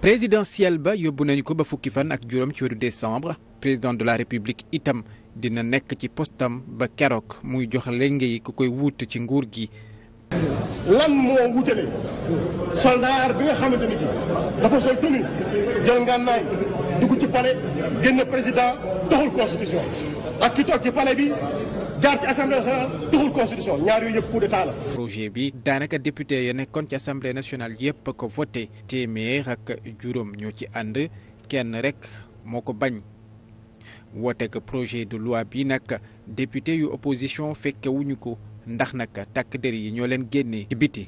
présidentielle ba yóbbu nañu ko ba fukki fan ak juróom ci weeru décembre président de la république itam dina nekk ci postam ba keroog muy jox lenge yi ku koy wut ci nguur gi. lan moo wutale soldaar bi nga xamante ni dafa sol tenue jël ngànnaay dugg ci palais génn président doxul constitution ak ki toog ci palais bi. jaar ci assemblée nationale duxul constitution ñaar yooyu yëpp coup d'état la. projet bi daanaka député ya nekkoon ci assemblée nationale yëpp ko voté téeméer ak juróom ñoo ci ànd kenn rek moo ko bañ woote ko projet de loi bi nag député yu opposition fekke ko ndax nag takk der yi ñoo leen génnee ci biti.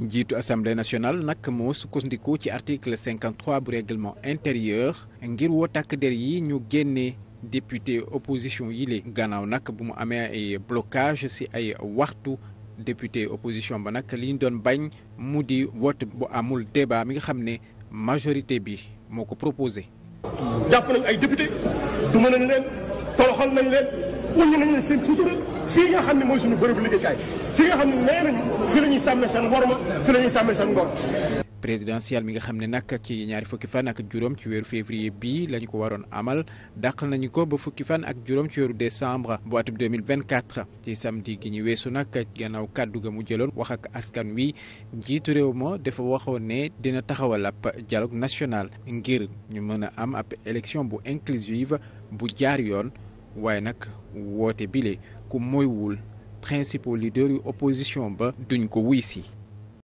njiitu assemblée nationale nag moo sukkandiku ci article 53 bu règlement intérieur ngir woo takk der yi ñu génne député opposition yi lé gannaaw nag bu mu amee ay blocage ci ay waxtu député opposition ba nag li ñu doon bañ mu di vote bu amul débat mi nga xam ne majorité bi moo ko proposé jàpp nañ ay député du mën nañ leen toroxal nañ leen wàññi nañ leen seen sutura fii nga xam ne mooy suñu bërëbu liggéeykaay fii nga xam ne nee nañu fi sàmmee seen worma fi la sàmmee seen ngor présidentielle mi nga xam ne nag ci ñaari fukki fan ak juróom ci weeru février bii lañu ko waroon amal daq nañu ko ba fukki fan ak juróom ci weeru décembre bu atum 2024 ci samedi gi ñu weesu nag gannaaw kàddu ga mu jëloon wax ak askan wi njiitu réew ma dafa waxoon ne dina taxawal ab dialogue national ngir ñu mën a am ab élection bu inclusive bu jaar yoon waaye nag woote bile ku moywul principaux leaders yu opposition ba duñ ko wuy si